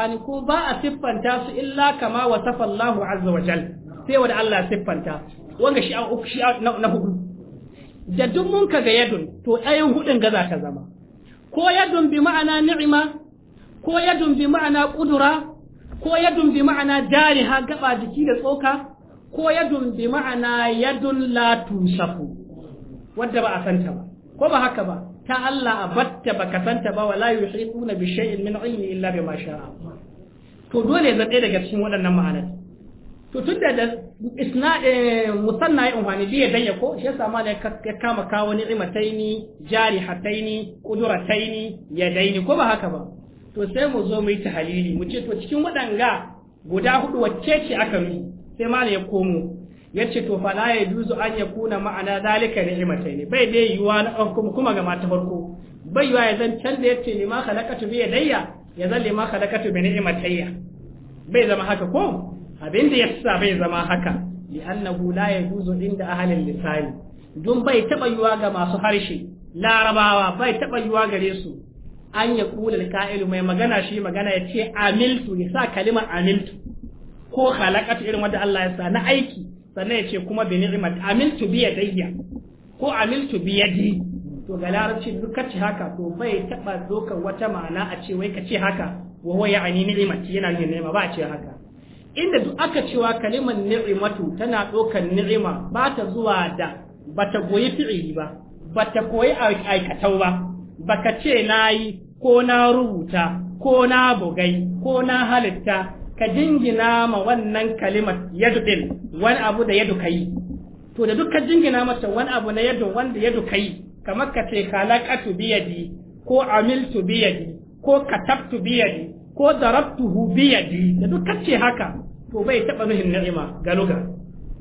ni ko ba a siffanta su illa kama wa Allahu azza wa jal sai wanda Allah siffanta wanga shi an shi na hudu da duk mun kaga yadun to ayin hudun ga za zama ko yadun bi ma'ana ni'ima ko yadun bi ma'ana ƙudura, ko yadun bi ma'ana jariha gaba jiki da tsoka ko yadun bi ma'ana yadun la tusafu wadda ba a santa ba ko ba haka ba ta Allah a batta baka santa ba wala shi kuna min ilmi illa bima sha'a to dole ya zaɗe daga cikin waɗannan ma'anar to tun da isna eh, musanna ya umhani biya danya ko shi yasa ma ya kama kawo ni ni, jari ni'imataini ni, ya ni, ko ba haka ba to sai mu zo mu yi tahalili mu ce to cikin waɗanga guda hudu wacce ce aka yi sai ma ya komo yace to fa la juzu an yakuna ma'ana zalika ne. bai dai yiwa na kuma kuma ga mata farko bai yiwa ya zan can da yace ni ma khalaqatu bi yadayya ya zalle ma khalaqatu bi ni'matayya bai zama haka ko abin da yasa bai zama haka li annahu la juzu inda ahalin lisani dun bai taba yuwa ga masu harshe larabawa bai taba yuwa gare su an ya kula ka'ilu mai magana shi magana ya ce amiltu ya sa kalimar amiltu ko khalaqatu irin wanda Allah ya sa na aiki sannan ya ce kuma bi ni'mat amiltu bi yadayya ko amiltu bi yadi to ga larabci duk ci haka to bai taba dokan wata ma'ana a ce wai ka ce haka wa huwa ya'ni ni'mat yana yin ni'ima ba a ce haka inda duk aka cewa kalimar ni'imatu tana dokan ni'ima ba ta zuwa da bata goyi fi'ili ba bata koyi aikatau ba baka ce na yi, ko na rubuta ko na bugai ko na halitta ka jingina ma wannan kalimar yadu din wani abu da yadu kai to da duk ka jingina mata wani abu na yadu wanda yadu kai kamar ka ce khalaqatu bi yadi ko amiltu bi yadi ko katabtu bi yadi ko darabtuhu bi yadi da duk ka ce haka to bai taba nuhin ni'ima ga lugar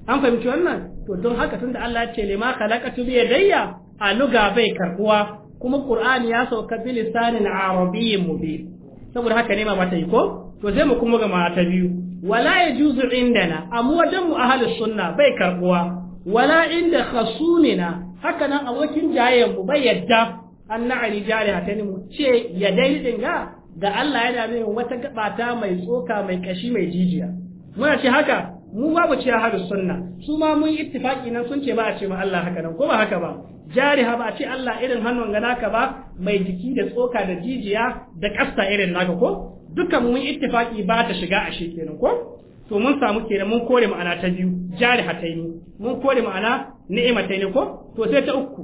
an fahimci wannan to don haka tunda Allah ya ce lima khalaqatu bi yadayya a luga bai karbuwa kuma Qur'ani ya sauka bi lisanin arabiyyin mubin saboda haka ne ma ta yi ko to sai mu kuma gama ta biyu wala ya juzu indana amma wajen mu ahlus sunna bai karbuwa wala inda khasumina haka nan abokin jayen mu bai yadda an na'ani jari tani mu ce ya daidin ga da Allah yana nuna wata gabata mai tsoka mai kashi mai jijiya muna ce haka mu babu ce ahlus sunna su ma mun ittifaki nan sun ce ba a ce ma Allah haka nan ko ba haka ba jariha ba a ce Allah irin hannun ga naka ba mai jiki da tsoka da jijiya da kasta irin naka ko dukan mun ittifaki ba ta shiga a shi kenan ko to mun samu kenan mun kore ma'ana ta biyu jari hataini mun kore ma'ana ne ko to sai ta uku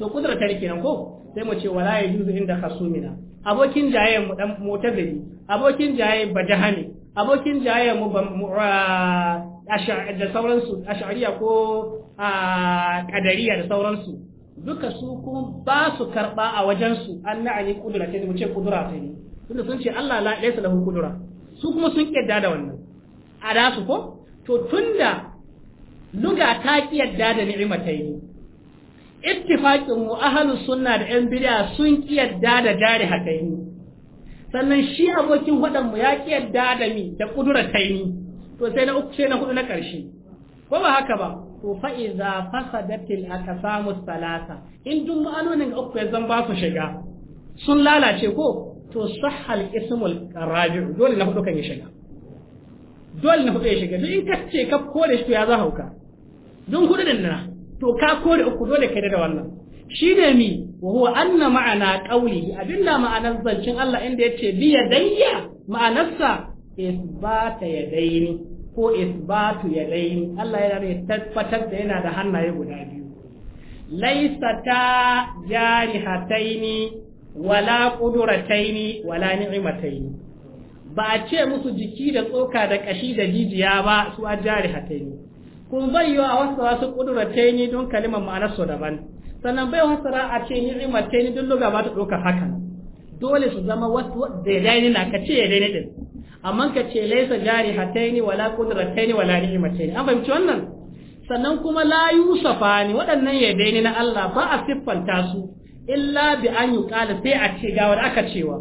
to kudura ta kenan ko sai mu ce wala juzu inda khasumina abokin jayayen mu dan ni abokin jayayen jahani abokin jayayen mu uh, da sauransu ash'ariya ko kadariya uh, da sauransu duka su kuma ba su karba a wajensu an na'ani kudura ta ne mu ce kudura ta ne tunda sun ce Allah la laysa lahu qudura su kuma sun kiyarda da wannan a da su ko to tunda luga ta kiyarda da ni'imataini ittifaqin mu ahlus sunna da yan bid'a sun kiyarda da jari ne sannan shi abokin hudan mu ya kiyarda da mi da taini to sai na uku sai na hudu na karshe ko ba haka ba to fa iza fasadatil aqsamu salasa in dun ma'anonin uku ya zan ba su shiga sun lalace ko to sahal ismul rabi'u dole na hudu kan ya shiga dole na hudu ya shiga duk in ka ce ka kore shi to ya za hauka don hudu din na to ka kore uku dole ka da wannan shi ne mi wa huwa anna ma'ana qawlihi abinda ma'anar zancin Allah inda yace bi yadayya ma'anarsa isbata yadaini ko isbatu yadaini Allah yana ne tabbatar da yana da hannaye guda biyu laysata jarihataini wala ƙudurataini wala ni'imataini ba a ce musu jiki da tsoka da ƙashi da jijiya ba su a jari hataini kun bai yiwa a wasu wasu ƙudurataini don kalimar ma'anar su daban sannan bai ra a ce ni'imataini duk luga ba ta ɗaukar hakan dole su zama wasu daidai na ka ce daidai din amma ka ce laisa jari hataini wala ƙudurataini wala ni'imataini an fahimci wannan sannan kuma la yusufani waɗannan yadaini na Allah ba a siffanta su illa bi an yuqala sai a ce ga wani aka cewa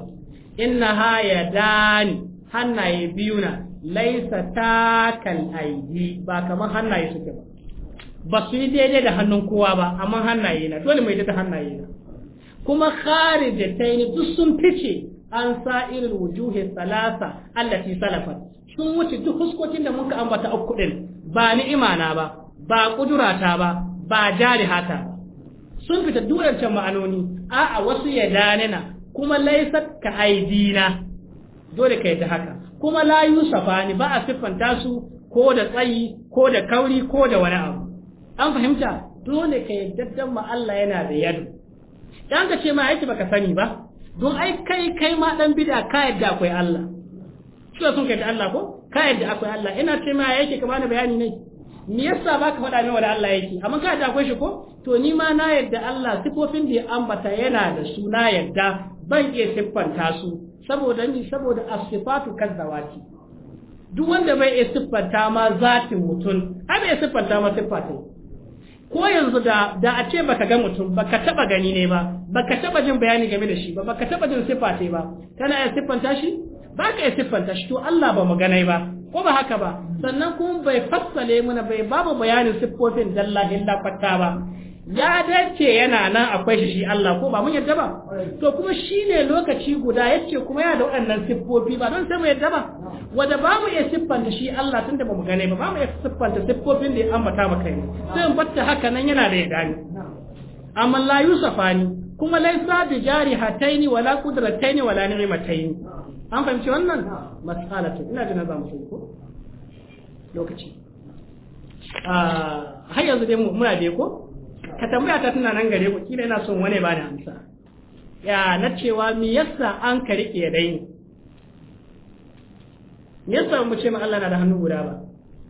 inna ha dani hannaye biyu na laisa ta takal aidi ba kamar hannaye suke ba ba su yi daidai da hannun kowa ba amma hannaye na dole mai da hannaye na kuma kharijatayn duk sun fice an sa irin wujuhi salasa allati salafa. sun wuce duk huskokin da muka ambata uku din ba ni'ima na ba ba kudurata ba ba jarihata ba sun fita duwancan ma'anoni a'a wasu ya danina kuma laisat ka aidina dole ka yadda haka kuma la yusafa ni ba a siffanta su ko da tsayi ko da kauri ko da wani abu an fahimta dole ka yadda ma Allah yana da yadu dan ka ce ma aiki baka sani ba don ai kai kai ma dan bid'a ka yadda akwai Allah suna sun kai da Allah ko ka yadda akwai Allah ina ce ma yake kamar bayani ne me yasa baka faɗa min wani Allah yake amma ka ta akwai shi ko to ni ma na yadda Allah sifofin da ya ambata yana da su na yadda ban iya siffanta su saboda ni saboda as-sifatu kazzawati duk wanda bai iya siffanta ma zatin mutum ai bai siffanta ma siffatai ko yanzu da da a ce baka ga mutum baka taba gani ne ba baka taba jin bayani game da shi ba baka taba jin sifa ba kana iya siffanta shi baka iya siffanta shi to Allah ba mu ganai ba ko ba haka ba sannan kuma bai fassale muna bai babu bayanin siffofin dalla illa fatta ba ya dace yana nan akwai shi shi Allah ko ba mun yadda ba to kuma shi lokaci guda yace kuma yana da waɗannan siffofi ba don sai mu yadda ba wanda ba mu iya da shi Allah tunda ba mu gane ba ba mu iya da siffofin da ya ambata maka yi sai mu fatta haka nan yana da ya gani amma la yusafani kuma laisa bijari jari hataini wala qudrataini wala ni'mataini an fahimci wannan mas'alatu ina jina za mu sai ko lokaci ah, har yanzu dai muna dai ko ka tambaya ta tana nan gare ku kila yana son wani ba da amsa ya na cewa mi yasa an ka rike dai me yasa mu ce ma Allah na da hannu guda ba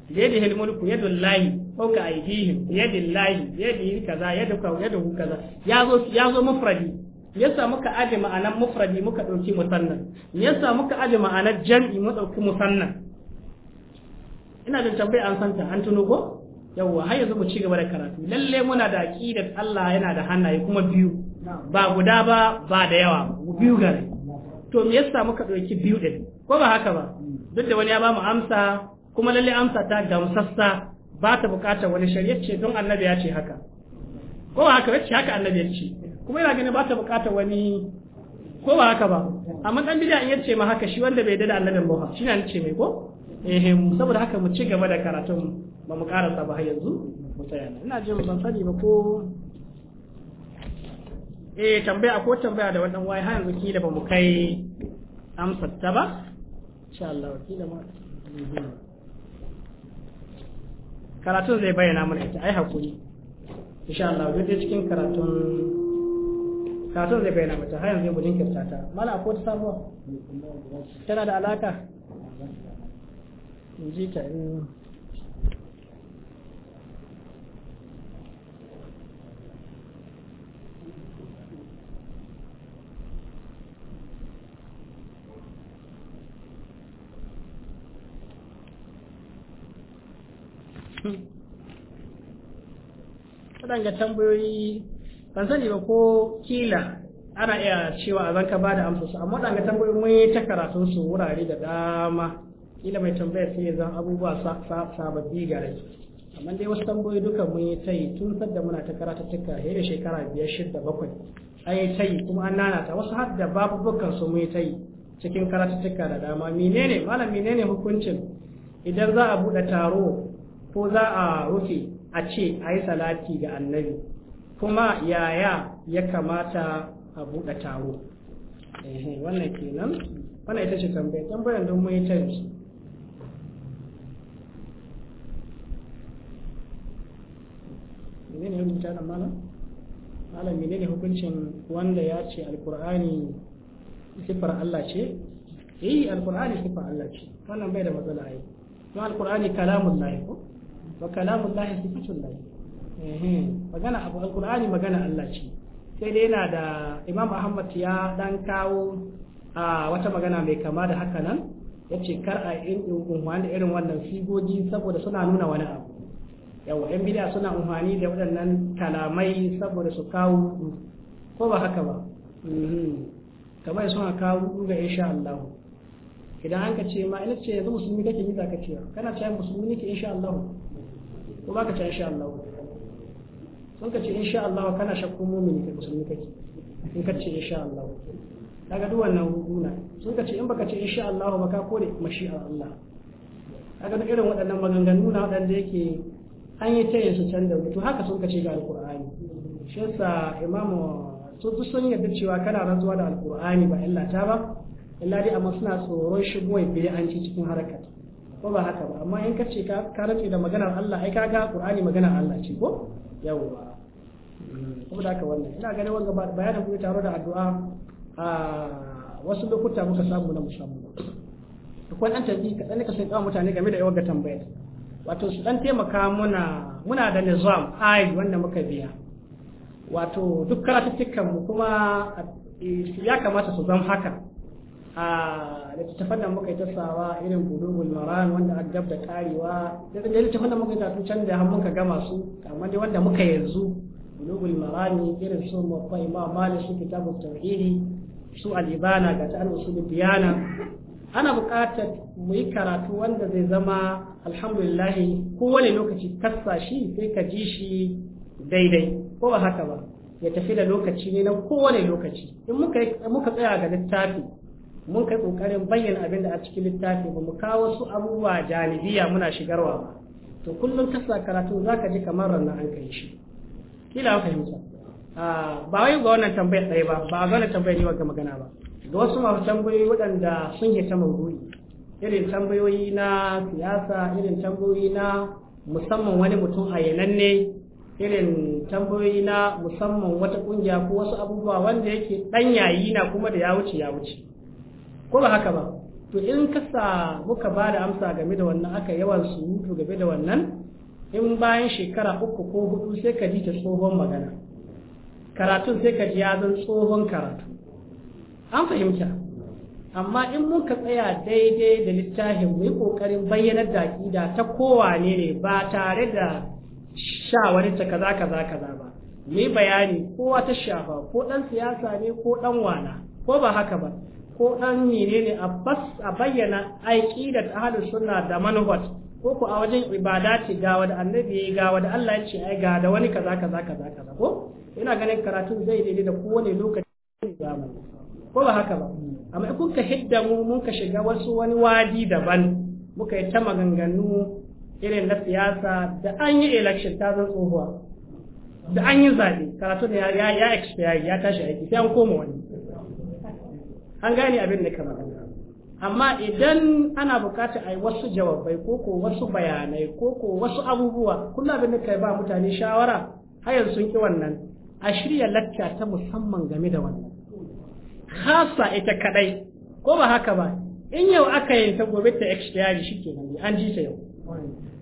yadi hil mulku yadu llahi fawqa aydihim yadi llahi yadi kaza yadu kaza yadu kaza ya zo ya zo mufradi yasa muka aje ma'anar mufradi muka ɗauki musannan yasa muka aje ma'anar jam'i mu ɗauki musannan ina da tambayi an santa an tuno ko yawwa har yanzu mu ci gaba da karatu lalle muna da aqidar Allah yana da hannaye kuma biyu ba guda ba ba da yawa biyu gare to me yasa muka ɗauki biyu ɗin ko ba haka ba duk da wani ya ba mu amsa kuma lalle amsa ta gamsassa ba ta buƙatar wani shari'a ce don annabi ya ce haka ko ba haka wacce haka annabi ya ce kuma yana ganin ba ta bukata wani ko ba haka ba amma dan bid'a in yace ma haka shi wanda bai da annabin ba shi ne ce mai ko eh saboda haka mu ci gaba da karatun ba mu karanta ba har yanzu mu tsaya ina jin ban sani ba ko eh tambaya ko tambaya da wannan waye har yanzu kila ba mu kai amsar ta ba insha Allah kila ma karatun zai bayyana mana ita ai hakuri insha Allah duk cikin karatun karatun zai bayyana mata har yanzu gudun kirta ta mala a wata sabuwa tana da alaka in ji ta in waɗanga tambayoyi ban sani ba ko kila ana iya cewa a zanka ba da amsa su amma daga tambayi mun ta karatu su wurare da dama kila mai tambayar sai zan abubuwa sababbi ga rai amma dai wasu tambayoyi duka mun yi ta yi tun sadda muna ta karatattuka ya da shekara biyar shida bakwai a yi ta yi kuma an nanata wasu har da bukkan su mun yi ta yi cikin karatattuka da dama menene malam menene hukuncin idan za a buɗe taro ko za a rufe a ce a yi salati ga annabi kuma yaya ya kamata a buɗe taro wannan kenan wannan ita ce tambaya bayan don mu yi ta menene rubuta nan malam malam menene hukuncin wanda ya ce alkur'ani sifar Allah ce yi eh, alkur'ani sifar Allah ce wannan bai da matsala yi kuma alkur'ani kalamun lahi ko wa kalamun lahi sifatun lahi magana abu alkur'ani magana Allah ce sai dai yana da imam ahmad ya dan kawo a wata magana mai kama da haka nan ya ce kar a da irin wannan sigogi saboda suna nuna wani abu yawa yan bida suna umarni da waɗannan kalamai saboda su kawo ko ba haka ba mhm. kamar suna kawo ga insha Allah idan an ka ce ma ina ce yanzu musulmi kake yi za ka ce kana ce musulmi nake insha Allah ko ba ka ce insha Allah sun ka ce sha Allah kana shakku mumini kai musulmi kake in ka ce in sha Allah kaga duk wannan hukuna sun ka ce in baka ce sha Allah ba ka kore mashi'ar Allah kaga duk irin waɗannan maganganu na waɗanda yake an yi tayin su can da to haka sun ka ce ga alqur'ani shi yasa imamu to duk sun yarda cewa kana rantsuwa da alqur'ani ba illa ta ba illa dai amma suna tsoron shigo bai an ci cikin harkar ko ba haka ba amma in ka ce ka rantsu da maganar Allah ai kaga Qur'ani maganar Allah ce ko yawwa saboda haka wannan ina ganin wanga bayanin ku taro da addu'a a wasu lokuta muka samu na musamman akwai ɗan tafi kaɗan ka san kawo mutane game da yawan tambayar wato su ɗan taimaka muna muna da nizam ayi wanda muka biya wato duk karatuttukan mu kuma ya kamata su zama haka a littattafan da muka yi tasawa irin bulugul maran wanda an gab da karewa da littattafan da muka yi tatu can da har muka gama su amma dai wanda muka yanzu bulugul marami irin su mafa imam malik su kitabu tauhidi su alibana ga ta usul biyana ana buƙatar mu yi karatu wanda zai zama alhamdulillah kowane lokaci kassa shi sai ka ji shi daidai ko ba haka ba ya tafi da lokaci ne na kowane lokaci in muka tsaya ga littafi mun kai kokarin bayyana abin da a cikin littafi ba mu kawo su abubuwa janibiya muna shigarwa ba to kullum kasa karatu zaka ji kamar ranar an kai shi kila fahimta ah, ba wai ga wannan tambayar ɗaya ba ba ga wannan tambayar ne ga magana ba ga wasu masu tambayoyi waɗanda sun yi ta irin tambayoyi na siyasa irin tambayoyi na musamman wani mutum a yananne irin tambayoyi na musamman wata ƙungiya ko wasu abubuwa wanda yake ɗan yayi na kuma da ya wuce ya wuce ko ba haka ba to in kasa muka ba da amsa game da wannan aka yawan surutu game da wannan in bayan shekara uku ko hudu sai ka ji ta tsohon magana karatun sai ka ji ya zan tsohon karatu an fahimta amma in muka tsaya daidai da littafin mu yi kokarin bayyanar da aƙida ta kowane ne ba tare da shawarinta ta kaza kaza kaza ba mu yi bayani kowa ta shafa ko ɗan siyasa ne ko ɗan wana ko ba haka ba ko ɗan menene a bayyana ta ahlus sunna da manhaj ko a wajen ibada ce ga da annabi yayi ga da Allah ya ce ai ga da wani kaza kaza kaza kaza ko ina ganin karatun zai daidai da kowane lokaci zamani ko ba haka ba amma in kuka hidda mu mun ka shiga wasu wani wadi daban muka yi ta maganganu irin na siyasa da an yi election ta zan tsohuwa da an yi zaɓe karatu da ya ya expire ya tashi aiki sai an koma wani an gane abin da kamar amma idan ana bukatar a yi wasu jawabai ko wasu bayanai ko wasu abubuwa kullum abin da kai ba mutane shawara hayan sun ki wannan a shirya lacca ta musamman game da wannan khasa ita kadai ko ba haka ba in yau aka yi ta gobe ta expiry shi ke nan an ji ta yau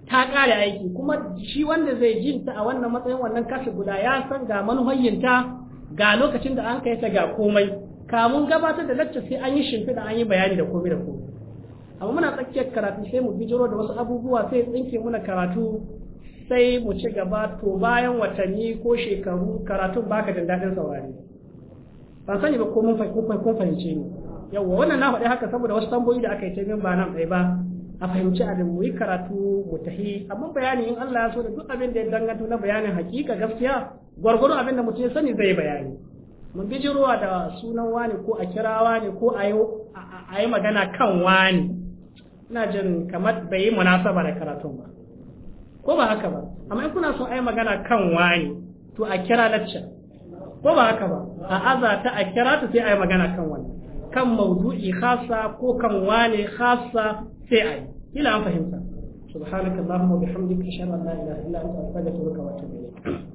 ta kare aiki kuma shi wanda zai jin ta a wannan matsayin wannan kashi guda ya san ga ta ga lokacin da an kai ta ga komai kamun gabatar da lecture sai an yi shimfiɗa an yi bayani da komai da komai amma muna tsakiyar karatu sai mu jiro da wasu abubuwa sai tsinke muna karatu sai mu ci gaba to bayan watanni ko shekaru karatun baka jin daɗin saurari ban sani ba ko mun fahimce ni yawwa wannan na faɗi haka saboda wasu tamboyi da aka yi min ba nan ɗaya ba a fahimci abin mu yi karatu mu tahi amma bayani in Allah ya so da duk abin da ya danganta na bayanin hakika gaskiya gwargwaro abin da mutum ya sani zai bayani Mun bi bijirwa da sunan wani ko a kira wani ko a yi magana kan wani ina jin kamar bai yi munasaba da karatun ba ko ba haka ba amma in kuna son a yi magana kan wani to a kira lacca ko ba haka ba a aza ta a kira ta sai a yi magana kan wani kan maudu'i khasa ko kan wani khasa sai a yi kila an fahimta subhanakallahumma bihamdika ashhadu an la ilaha illa anta astaghfiruka wa atubu ilayk